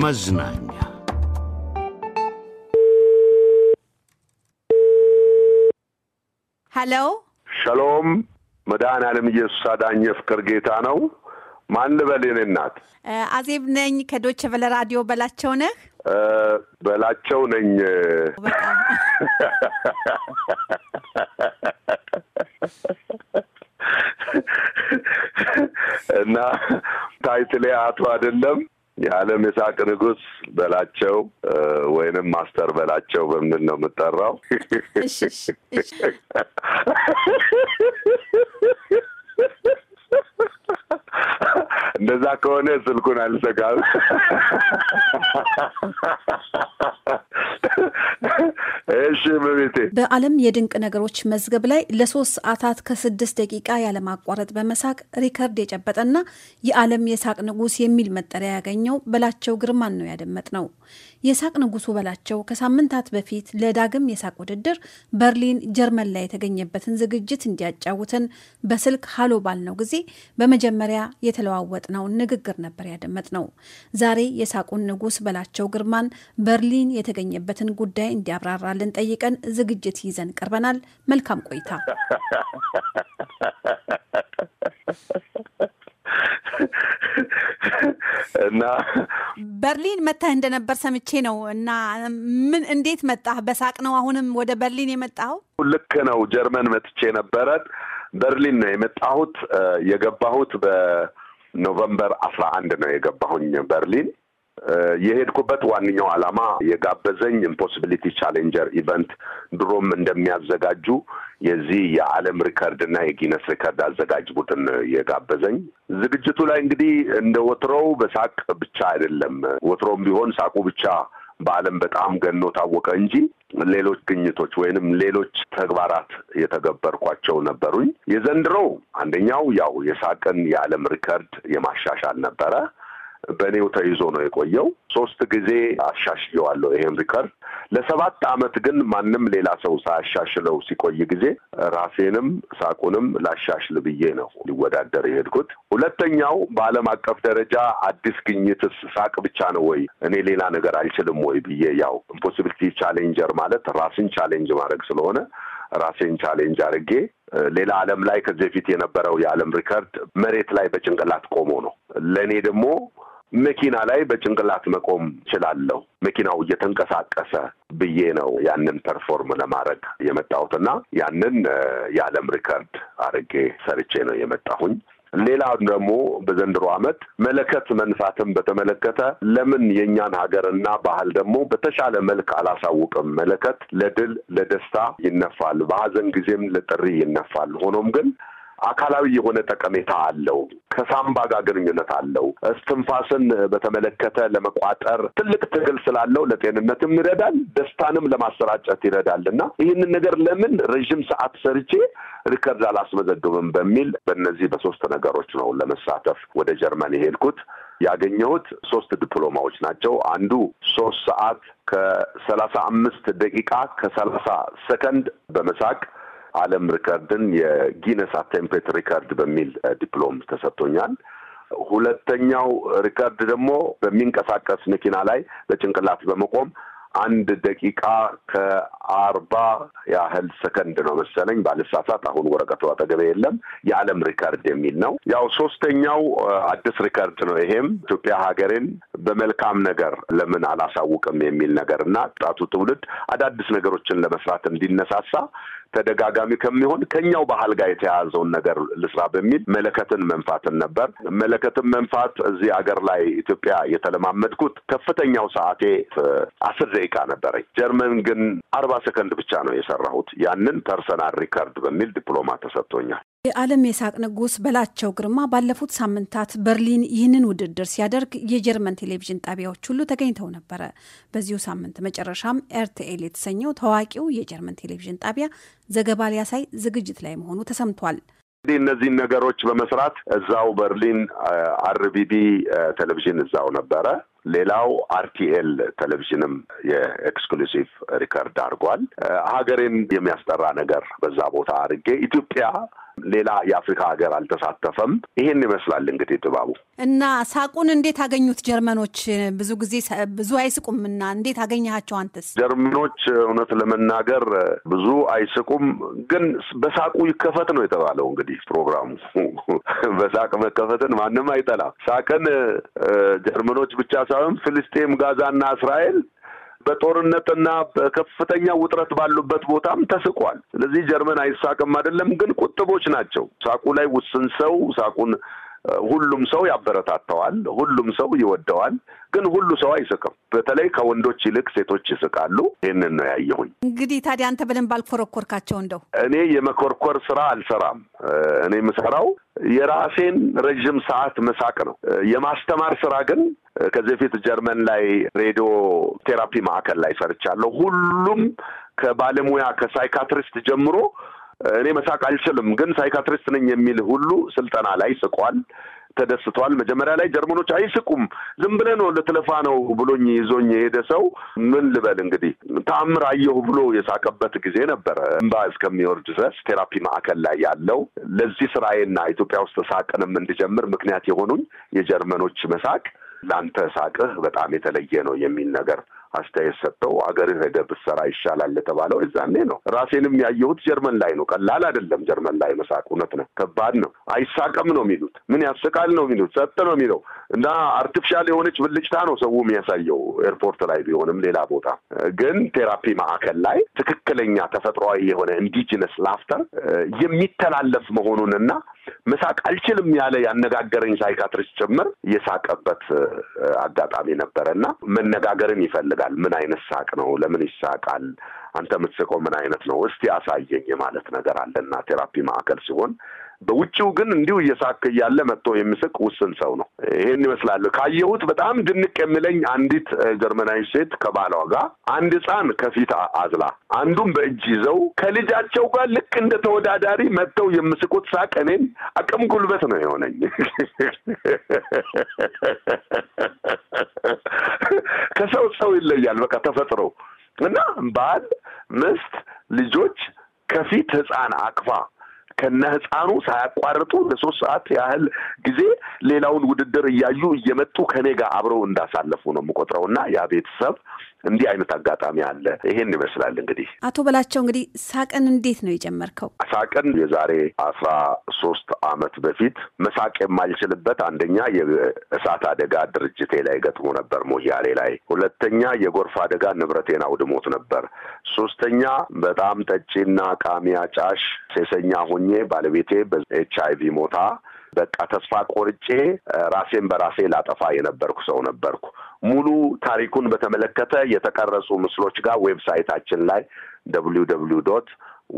መዝናኛ ሀሎ ሸሎም መድኃኔ ዓለም ኢየሱስ አዳኝ ፍቅር ጌታ ነው። ማን ልበል? የኔ እናት አዜብ ነኝ። ከዶች ቨለ ራዲዮ በላቸው ነህ? በላቸው ነኝ። እና ታይትሌ አቶ አይደለም የዓለም የሳቅ ንጉስ በላቸው ወይንም ማስተር በላቸው በምንል ነው የምጠራው። እንደዛ ከሆነ ስልኩን አልዘጋም። እሺ በቤቴ በዓለም የድንቅ ነገሮች መዝገብ ላይ ለሶስት ሰዓታት ከስድስት ደቂቃ ያለማቋረጥ በመሳቅ ሪከርድ የጨበጠና የዓለም የሳቅ ንጉስ የሚል መጠሪያ ያገኘው በላቸው ግርማን ነው ያደመጥ ነው። የሳቅ ንጉሱ በላቸው ከሳምንታት በፊት ለዳግም የሳቅ ውድድር በርሊን ጀርመን ላይ የተገኘበትን ዝግጅት እንዲያጫውትን በስልክ ሀሎ ባልነው ጊዜ በመጀመሪያ ነው ንግግር ነበር ያደመጥነው። ዛሬ የሳቁን ንጉስ በላቸው ግርማን በርሊን የተገኘበትን ጉዳይ እንዲያብራራልን ጠይቀን ዝግጅት ይዘን ቀርበናል። መልካም ቆይታ። እና በርሊን መተህ እንደነበር ሰምቼ ነው። እና ምን እንዴት መጣህ? በሳቅ ነው አሁንም ወደ በርሊን የመጣኸው? ልክ ነው። ጀርመን መጥቼ ነበረ። በርሊን ነው የመጣሁት። የገባሁት በኖቨምበር አስራ አንድ ነው የገባሁኝ በርሊን የሄድኩበት ዋነኛው ዓላማ የጋበዘኝ ኢምፖሲቢሊቲ ቻሌንጀር ኢቨንት ድሮም እንደሚያዘጋጁ የዚህ የዓለም ሪከርድ እና የጊነስ ሪከርድ አዘጋጅ ቡድን የጋበዘኝ። ዝግጅቱ ላይ እንግዲህ እንደ ወትሮው በሳቅ ብቻ አይደለም። ወትሮም ቢሆን ሳቁ ብቻ በዓለም በጣም ገኖ ታወቀ እንጂ ሌሎች ግኝቶች ወይንም ሌሎች ተግባራት የተገበርኳቸው ነበሩኝ። የዘንድሮው አንደኛው ያው የሳቅን የዓለም ሪከርድ የማሻሻል ነበረ። በእኔው ተይዞ ነው የቆየው። ሶስት ጊዜ አሻሽየዋለሁ ይሄን ሪከርድ። ለሰባት አመት ግን ማንም ሌላ ሰው ሳያሻሽለው ሲቆይ ጊዜ ራሴንም ሳቁንም ላሻሽል ብዬ ነው ሊወዳደር የሄድኩት። ሁለተኛው በዓለም አቀፍ ደረጃ አዲስ ግኝትስ ሳቅ ብቻ ነው ወይ እኔ ሌላ ነገር አልችልም ወይ ብዬ ያው ኢምፖሲቢሊቲ ቻሌንጀር ማለት ራስን ቻሌንጅ ማድረግ ስለሆነ ራሴን ቻሌንጅ አድርጌ ሌላ ዓለም ላይ ከዚህ በፊት የነበረው የዓለም ሪከርድ መሬት ላይ በጭንቅላት ቆሞ ነው። ለእኔ ደግሞ መኪና ላይ በጭንቅላት መቆም እችላለሁ። መኪናው እየተንቀሳቀሰ ብዬ ነው ያንን ፐርፎርም ለማድረግ የመጣሁት ያንን የዓለም ሪከርድ አድርጌ ሰርቼ ነው የመጣሁኝ። ሌላ ደግሞ በዘንድሮ ዓመት መለከት መንፋትን በተመለከተ ለምን የእኛን ሀገርና ባህል ደግሞ በተሻለ መልክ አላሳውቅም? መለከት ለድል ለደስታ ይነፋል፣ በሀዘን ጊዜም ለጥሪ ይነፋል። ሆኖም ግን አካላዊ የሆነ ጠቀሜታ አለው። ከሳምባ ጋር ግንኙነት አለው። እስትንፋስን በተመለከተ ለመቋጠር ትልቅ ትግል ስላለው ለጤንነትም ይረዳል፣ ደስታንም ለማሰራጨት ይረዳል እና ይህንን ነገር ለምን ረዥም ሰዓት ሰርቼ ሪከርድ አላስመዘግብም በሚል በእነዚህ በሶስት ነገሮች ነው ለመሳተፍ ወደ ጀርመን የሄድኩት። ያገኘሁት ሶስት ዲፕሎማዎች ናቸው። አንዱ ሶስት ሰዓት ከሰላሳ አምስት ደቂቃ ከሰላሳ ሰከንድ በመሳቅ ዓለም ሪከርድን የጊነስ አቴምፕሌት ሪከርድ በሚል ዲፕሎም ተሰጥቶኛል። ሁለተኛው ሪከርድ ደግሞ በሚንቀሳቀስ መኪና ላይ በጭንቅላት በመቆም አንድ ደቂቃ ከአርባ ያህል ሰከንድ ነው መሰለኝ ባልሳሳት። አሁን ወረቀቱ አጠገበ የለም። የዓለም ሪከርድ የሚል ነው። ያው ሶስተኛው አዲስ ሪከርድ ነው። ይሄም ኢትዮጵያ ሀገሬን በመልካም ነገር ለምን አላሳውቅም የሚል ነገር እና ወጣቱ ትውልድ አዳዲስ ነገሮችን ለመስራት እንዲነሳሳ ተደጋጋሚ ከሚሆን ከኛው ባህል ጋር የተያያዘውን ነገር ልስራ በሚል መለከትን መንፋትን ነበር። መለከትን መንፋት እዚህ አገር ላይ ኢትዮጵያ የተለማመድኩት ከፍተኛው ሰዓቴ አስር ደቂቃ ነበረኝ። ጀርመን ግን አርባ ሰከንድ ብቻ ነው የሰራሁት። ያንን ፐርሰናል ሪከርድ በሚል ዲፕሎማ ተሰጥቶኛል። የዓለም የሳቅ ንጉስ በላቸው ግርማ ባለፉት ሳምንታት በርሊን ይህንን ውድድር ሲያደርግ የጀርመን ቴሌቪዥን ጣቢያዎች ሁሉ ተገኝተው ነበረ። በዚሁ ሳምንት መጨረሻም ኤርትኤል የተሰኘው ታዋቂው የጀርመን ቴሌቪዥን ጣቢያ ዘገባ ሊያሳይ ዝግጅት ላይ መሆኑ ተሰምቷል። እንግዲህ እነዚህን ነገሮች በመስራት እዛው በርሊን አርቢቢ ቴሌቪዥን እዛው ነበረ። ሌላው አርቲኤል ቴሌቪዥንም የኤክስክሉሲቭ ሪከርድ አድርጓል። ሀገሬን የሚያስጠራ ነገር በዛ ቦታ አድርጌ ኢትዮጵያ ሌላ የአፍሪካ ሀገር አልተሳተፈም። ይሄን ይመስላል እንግዲህ ጥባቡ እና ሳቁን እንዴት አገኙት ጀርመኖች? ብዙ ጊዜ ብዙ አይስቁም እና እንዴት አገኘሃቸው አንተስ? ጀርመኖች እውነት ለመናገር ብዙ አይስቁም፣ ግን በሳቁ ይከፈት ነው የተባለው እንግዲህ ፕሮግራሙ በሳቅ መከፈትን ማንም አይጠላም። ሳቅን ጀርመኖች ብቻ ሳይሆን ጋዛ ጋዛና እስራኤል በጦርነትና በከፍተኛ ውጥረት ባሉበት ቦታም ተስቋል። ስለዚህ ጀርመን አይሳቅም አይደለም፣ ግን ቁጥቦች ናቸው። ሳቁ ላይ ውስን ሰው ሳቁን ሁሉም ሰው ያበረታተዋል፣ ሁሉም ሰው ይወደዋል። ግን ሁሉ ሰው አይስቅም። በተለይ ከወንዶች ይልቅ ሴቶች ይስቃሉ። ይህንን ነው ያየሁኝ። እንግዲህ ታዲያ አንተ በደንብ አልኮረኮርካቸው? እንደው እኔ የመኮርኮር ስራ አልሰራም። እኔ የምሰራው የራሴን ረዥም ሰዓት መሳቅ ነው። የማስተማር ስራ ግን ከዚህ በፊት ጀርመን ላይ ሬዲዮ ቴራፒ ማዕከል ላይ ሰርቻለሁ። ሁሉም ከባለሙያ ከሳይካትሪስት ጀምሮ እኔ መሳቅ አልችልም፣ ግን ሳይካትሪስት ነኝ የሚል ሁሉ ስልጠና ላይ ስቋል፣ ተደስቷል። መጀመሪያ ላይ ጀርመኖች አይስቁም፣ ዝም ብለህ ነው ልትለፋ ነው ብሎኝ ይዞኝ የሄደ ሰው ምን ልበል እንግዲህ ተአምር አየሁ ብሎ የሳቀበት ጊዜ ነበረ። እንባ እስከሚወርድ ድረስ ቴራፒ ማዕከል ላይ ያለው ለዚህ ስራዬና ኢትዮጵያ ውስጥ ሳቅንም እንድጀምር ምክንያት የሆኑኝ የጀርመኖች መሳቅ ለአንተ ሳቅህ በጣም የተለየ ነው የሚል ነገር አስተያየት ሰጥተው አገርህ ሄደህ ብትሰራ ይሻላል የተባለው እዛኔ ነው። ራሴንም ያየሁት ጀርመን ላይ ነው። ቀላል አይደለም ጀርመን ላይ መሳቅ፣ እውነት ነው፣ ከባድ ነው። አይሳቀም ነው የሚሉት፣ ምን ያስቃል ነው የሚሉት፣ ጸጥ ነው የሚለው እና አርቲፊሻል የሆነች ብልጭታ ነው ሰው የሚያሳየው። ኤርፖርት ላይ ቢሆንም ሌላ ቦታ ግን ቴራፒ ማዕከል ላይ ትክክለኛ ተፈጥሯዊ የሆነ ኢንዲጂነስ ላፍተር uh, የሚተላለፍ መሆኑን እና መሳቅ አልችልም ያለ ያነጋገረኝ ሳይካትሪስት ጭምር የሳቀበት uh, አጋጣሚ ነበረ እና መነጋገርን ይፈልጋል። ምን አይነት ሳቅ ነው? ለምን ይሳቃል? አንተ የምትስቀው ምን አይነት ነው? እስቲ አሳየኝ ማለት ነገር አለና ቴራፒ ማዕከል ሲሆን በውጭው ግን እንዲሁ እየሳክ እያለ መጥቶ የሚስቅ ውስን ሰው ነው። ይህን ይመስላል። ካየሁት በጣም ድንቅ የሚለኝ አንዲት ጀርመናዊ ሴት ከባሏ ጋር አንድ ህፃን ከፊት አዝላ አንዱም በእጅ ይዘው ከልጃቸው ጋር ልክ እንደ ተወዳዳሪ መጥተው የምስቁት ሳቅ እኔን አቅም ጉልበት ነው የሆነኝ። ከሰው ሰው ይለያል። በቃ ተፈጥሮ እና ባል፣ ምስት፣ ልጆች ከፊት ህፃን አቅፋ ከነ ህፃኑ ሳያቋርጡ ለሶስት ሰዓት ያህል ጊዜ ሌላውን ውድድር እያዩ እየመጡ ከኔ ጋር አብረው እንዳሳለፉ ነው የምቆጥረው እና ያ ቤተሰብ እንዲህ አይነት አጋጣሚ አለ። ይሄን ይመስላል እንግዲህ። አቶ በላቸው እንግዲህ ሳቅን እንዴት ነው የጀመርከው? ሳቅን የዛሬ አስራ ሶስት አመት በፊት መሳቅ የማልችልበት አንደኛ የእሳት አደጋ ድርጅቴ ላይ ገጥሞ ነበር ሞያሌ ላይ፣ ሁለተኛ የጎርፍ አደጋ ንብረቴን አውድሞት ነበር፣ ሶስተኛ በጣም ጠጪና ቃሚያ ጫሽ ሴሰኛ ሁኜ ባለቤቴ በኤች አይ ቪ ሞታ በቃ ተስፋ ቆርጬ ራሴን በራሴ ላጠፋ የነበርኩ ሰው ነበርኩ። ሙሉ ታሪኩን በተመለከተ የተቀረጹ ምስሎች ጋር ዌብሳይታችን ላይ ደብሊው ደብሊው ዶት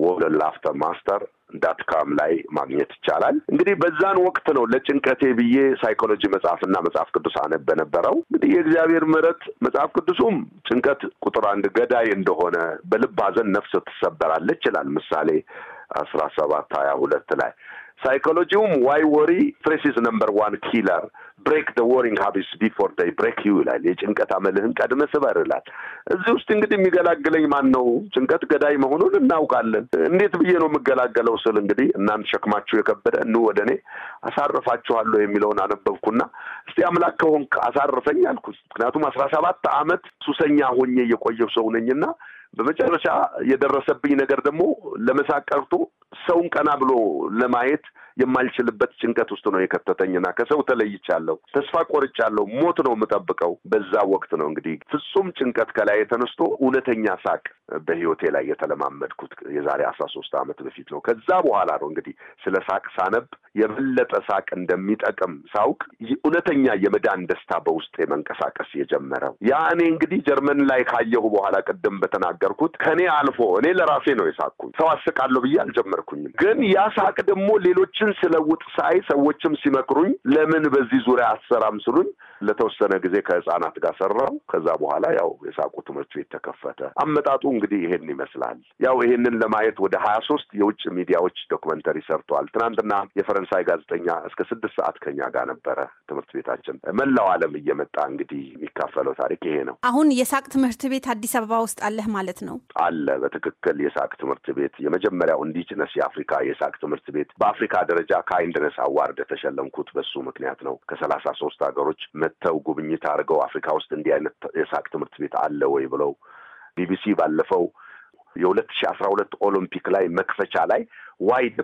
ወለል ማስተር ዳት ካም ላይ ማግኘት ይቻላል። እንግዲህ በዛን ወቅት ነው ለጭንቀቴ ብዬ ሳይኮሎጂ መጽሐፍና መጽሐፍ ቅዱስ አነብ በነበረው። እንግዲህ የእግዚአብሔር ምሕረት መጽሐፍ ቅዱሱም ጭንቀት ቁጥር አንድ ገዳይ እንደሆነ በልብ ሐዘን ነፍስ ትሰበራለች ይችላል ምሳሌ አስራ ሰባት ሀያ ሁለት ላይ ሳይኮሎጂውም ዋይ ወሪ ስትሬስ ነምበር ዋን ኪለር ብሬክ ደ ወሪንግ ሀቢስ ቢፎር ደይ ብሬክ ዩ ይላል። የጭንቀት አመልህን ቀድመ ስበር ይላል። እዚህ ውስጥ እንግዲህ የሚገላግለኝ ማን ነው? ጭንቀት ገዳይ መሆኑን እናውቃለን። እንዴት ብዬ ነው የምገላገለው ስል እንግዲህ እናንተ ሸክማችሁ የከበደ እኑ ወደ እኔ አሳርፋችኋለሁ የሚለውን አነበብኩና እስቲ አምላክ ከሆንክ አሳርፈኝ አልኩ ምክንያቱም አስራ ሰባት አመት ሱሰኛ ሆኜ እየቆየው ሰው ነኝና በመጨረሻ የደረሰብኝ ነገር ደግሞ ለመሳቅ ሰውን ቀና ብሎ ለማየት የማልችልበት ጭንቀት ውስጥ ነው የከተተኝና ከሰው ተለይቻለሁ፣ ተስፋ ቆርጫለሁ፣ ሞት ነው የምጠብቀው። በዛ ወቅት ነው እንግዲህ ፍጹም ጭንቀት ከላይ የተነስቶ እውነተኛ ሳቅ በህይወቴ ላይ የተለማመድኩት የዛሬ አስራ ሶስት ዓመት በፊት ነው። ከዛ በኋላ ነው እንግዲህ ስለ ሳቅ ሳነብ የበለጠ ሳቅ እንደሚጠቅም ሳውቅ እውነተኛ የመዳን ደስታ በውስጤ መንቀሳቀስ የጀመረው ያ እኔ እንግዲህ ጀርመን ላይ ካየሁ በኋላ ቅድም በተናገርኩት ከእኔ አልፎ እኔ ለራሴ ነው የሳቅኩኝ። ሰው አስቃለሁ ብዬ አልጀመርኩኝም። ግን ያ ሳቅ ደግሞ ሌሎች ራሴን ስለውጥ ሳይ ሰዎችም ሲመክሩኝ ለምን በዚህ ዙሪያ አትሰራም ስሉኝ ለተወሰነ ጊዜ ከህጻናት ጋር ሰራው። ከዛ በኋላ ያው የሳቁ ትምህርት ቤት ተከፈተ። አመጣጡ እንግዲህ ይሄን ይመስላል። ያው ይሄንን ለማየት ወደ ሀያ ሶስት የውጭ ሚዲያዎች ዶክመንተሪ ሰርተዋል። ትናንትና የፈረንሳይ ጋዜጠኛ እስከ ስድስት ሰዓት ከኛ ጋር ነበረ። ትምህርት ቤታችን መላው ዓለም እየመጣ እንግዲህ የሚካፈለው ታሪክ ይሄ ነው። አሁን የሳቅ ትምህርት ቤት አዲስ አበባ ውስጥ አለህ ማለት ነው? አለ በትክክል የሳቅ ትምህርት ቤት የመጀመሪያው ኢንዲጅነስ የአፍሪካ የሳቅ ትምህርት ቤት በአፍሪካ ደረጃ ካይንድነስ አዋርድ የተሸለምኩት በሱ ምክንያት ነው። ከሰላሳ ሶስት ሀገሮች መጥተው ጉብኝት አድርገው አፍሪካ ውስጥ እንዲህ አይነት የሳቅ ትምህርት ቤት አለ ወይ ብለው ቢቢሲ ባለፈው የሁለት ሺ አስራ ሁለት ኦሎምፒክ ላይ መክፈቻ ላይ ዋይ ደ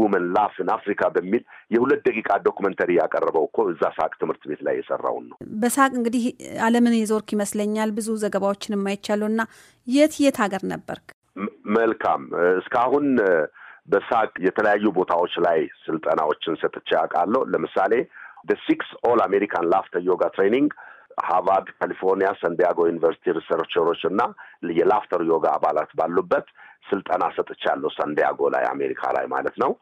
ውመን ላፍን አፍሪካ በሚል የሁለት ደቂቃ ዶክመንተሪ ያቀረበው እኮ እዛ ሳቅ ትምህርት ቤት ላይ የሰራውን ነው። በሳቅ እንግዲህ ዓለምን የዞርክ ይመስለኛል። ብዙ ዘገባዎችን የማይቻለው እና የት የት ሀገር ነበርክ? መልካም እስካሁን በሳቅ የተለያዩ ቦታዎች ላይ ስልጠናዎችን ሰጥቼ ያውቃለሁ። ለምሳሌ ሲክስ ኦል አሜሪካን ላፍተር ዮጋ ትሬኒንግ ሃርቫርድ፣ ካሊፎርኒያ፣ ሳንዲያጎ ዩኒቨርሲቲ ሪሰርቸሮች እና የላፍተር ዮጋ አባላት ባሉበት ስልጠና ሰጥቻለሁ። ሳንዲያጎ ላይ አሜሪካ ላይ ማለት ነው።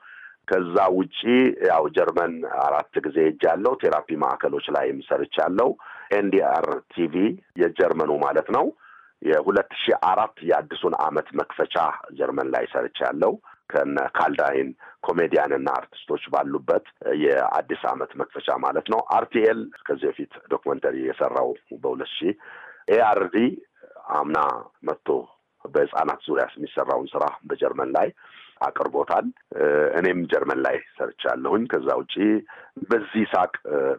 ከዛ ውጪ ያው ጀርመን አራት ጊዜ ሄጃለሁ። ቴራፒ ማዕከሎች ላይም ሰርቻለሁ። ኤንዲአር ቲቪ የጀርመኑ ማለት ነው የሁለት ሺህ አራት የአዲሱን አመት መክፈቻ ጀርመን ላይ ሰርቻለሁ። ከነ ካልዳይን ኮሜዲያን እና አርቲስቶች ባሉበት የአዲስ አመት መክፈቻ ማለት ነው። አርቲኤል ከዚህ በፊት ዶክመንተሪ የሰራው በሁለት ሺህ ኤአርዲ አምና መጥቶ በህጻናት ዙሪያ የሚሰራውን ስራ በጀርመን ላይ አቅርቦታል። እኔም ጀርመን ላይ ሰርቻለሁኝ። ከዛ ውጪ በዚህ ሳቅ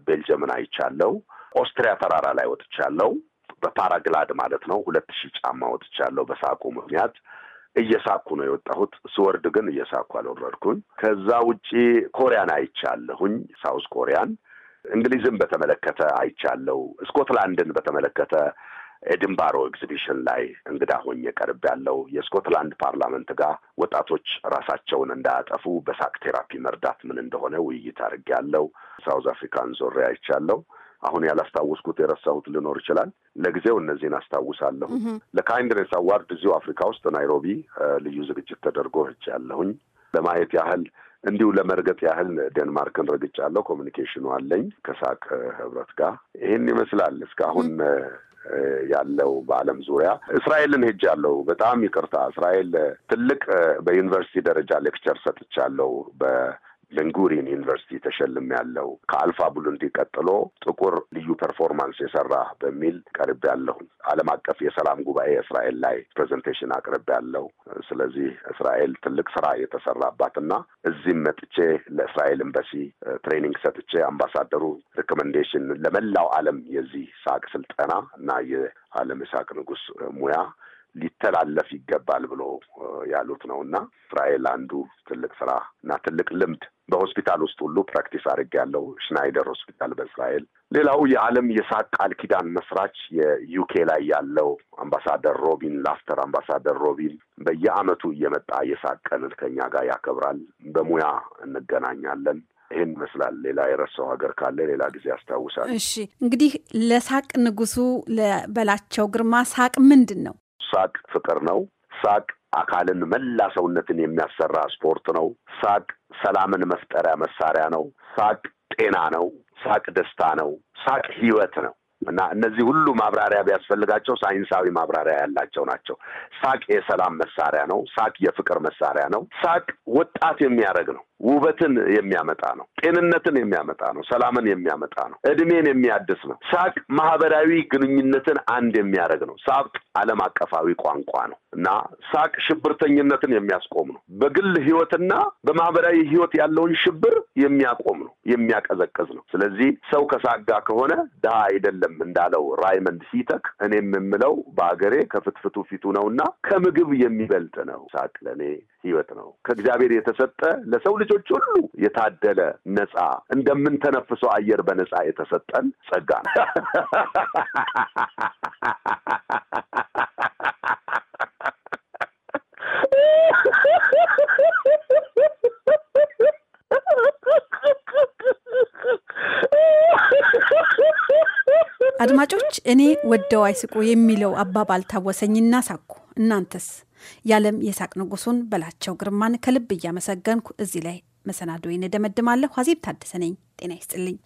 ቤልጅየምን አይቻለው። ኦስትሪያ ተራራ ላይ ወጥቻለው። በፓራግላድ ማለት ነው ሁለት ሺህ ጫማ ወጥቻለው በሳቁ ምክንያት እየሳኩ ነው የወጣሁት። ስወርድ ግን እየሳኩ አልወረድኩኝ። ከዛ ውጪ ኮሪያን አይቻለሁኝ፣ ሳውዝ ኮሪያን። እንግሊዝን በተመለከተ አይቻለሁ። ስኮትላንድን በተመለከተ ኤድንባሮ ኤግዚቢሽን ላይ እንግዳ ሆኜ ቀርብ ያለው የስኮትላንድ ፓርላመንት ጋር ወጣቶች ራሳቸውን እንዳያጠፉ በሳቅ ቴራፒ መርዳት ምን እንደሆነ ውይይት አድርጌ ያለው ሳውዝ አፍሪካን ዞሬ አይቻለሁ። አሁን ያላስታወስኩት የረሳሁት ሊኖር ይችላል። ለጊዜው እነዚህን አስታውሳለሁ። ለካይንድነስ አዋርድ እዚሁ አፍሪካ ውስጥ ናይሮቢ ልዩ ዝግጅት ተደርጎ ያለሁኝ ለማየት ያህል እንዲሁ ለመርገጥ ያህል ዴንማርክን ረግጫለሁ። ኮሚኒኬሽኑ አለኝ ከሳቅ ህብረት ጋር ይህን ይመስላል እስካሁን ያለው በዓለም ዙሪያ እስራኤልን ያለው በጣም ይቅርታ እስራኤል ትልቅ በዩኒቨርሲቲ ደረጃ ሌክቸር ሰጥቻለሁ ለንጉሪን ዩኒቨርሲቲ ተሸልም ያለው ከአልፋ ቡሉንዲ ቀጥሎ ጥቁር ልዩ ፐርፎርማንስ የሰራ በሚል ቀርብ ያለሁ። ዓለም አቀፍ የሰላም ጉባኤ እስራኤል ላይ ፕሬዘንቴሽን አቅርብ ያለው። ስለዚህ እስራኤል ትልቅ ስራ የተሰራባትና እዚህም መጥቼ ለእስራኤል ኤምባሲ ትሬኒንግ ሰጥቼ አምባሳደሩ ሪኮመንዴሽን ለመላው ዓለም የዚህ ሳቅ ስልጠና እና የዓለም የሳቅ ንጉስ ሙያ ሊተላለፍ ይገባል ብሎ ያሉት ነው እና እስራኤል አንዱ ትልቅ ስራ እና ትልቅ ልምድ በሆስፒታል ውስጥ ሁሉ ፕራክቲስ አድርጌያለሁ። ሽናይደር ሆስፒታል በእስራኤል። ሌላው የዓለም የሳቅ ቃል ኪዳን መስራች የዩኬ ላይ ያለው አምባሳደር ሮቢን ላፍተር አምባሳደር ሮቢን በየዓመቱ እየመጣ የሳቅ ቀንን ከኛ ጋር ያከብራል። በሙያ እንገናኛለን። ይህን ይመስላል። ሌላ የረሳው ሀገር ካለ ሌላ ጊዜ ያስታውሳል። እሺ እንግዲህ ለሳቅ ንጉሱ ለበላቸው ግርማ ሳቅ ምንድን ነው? ሳቅ ፍቅር ነው። ሳቅ አካልን መላ ሰውነትን የሚያሰራ ስፖርት ነው። ሳቅ ሰላምን መፍጠሪያ መሳሪያ ነው። ሳቅ ጤና ነው። ሳቅ ደስታ ነው። ሳቅ ህይወት ነው። እና እነዚህ ሁሉ ማብራሪያ ቢያስፈልጋቸው ሳይንሳዊ ማብራሪያ ያላቸው ናቸው። ሳቅ የሰላም መሳሪያ ነው። ሳቅ የፍቅር መሳሪያ ነው። ሳቅ ወጣት የሚያደርግ ነው። ውበትን የሚያመጣ ነው። ጤንነትን የሚያመጣ ነው። ሰላምን የሚያመጣ ነው። እድሜን የሚያድስ ነው። ሳቅ ማህበራዊ ግንኙነትን አንድ የሚያደርግ ነው። ሳቅ ዓለም አቀፋዊ ቋንቋ ነው እና ሳቅ ሽብርተኝነትን የሚያስቆም ነው። በግል ህይወትና በማህበራዊ ህይወት ያለውን ሽብር የሚያቆም ነው፣ የሚያቀዘቅዝ ነው። ስለዚህ ሰው ከሳቅ ጋር ከሆነ ድሃ አይደለም አይደለም እንዳለው ራይመንድ ሂተክ፣ እኔም የምለው በሀገሬ ከፍትፍቱ ፊቱ ነውና ከምግብ የሚበልጥ ነው። ሳቅ ለእኔ ህይወት ነው። ከእግዚአብሔር የተሰጠ ለሰው ልጆች ሁሉ የታደለ ነጻ እንደምንተነፍሰው አየር በነጻ የተሰጠን ጸጋ ነው። አድማጮች፣ እኔ ወደው አይስቁ የሚለው አባባል ታወሰኝና ሳኩ። እናንተስ? የዓለም የሳቅ ንጉሱን በላቸው ግርማን ከልብ እያመሰገንኩ እዚህ ላይ ይን እደመድማለሁ። ሀዜብ ታደሰ ነኝ። ጤና ይስጥልኝ።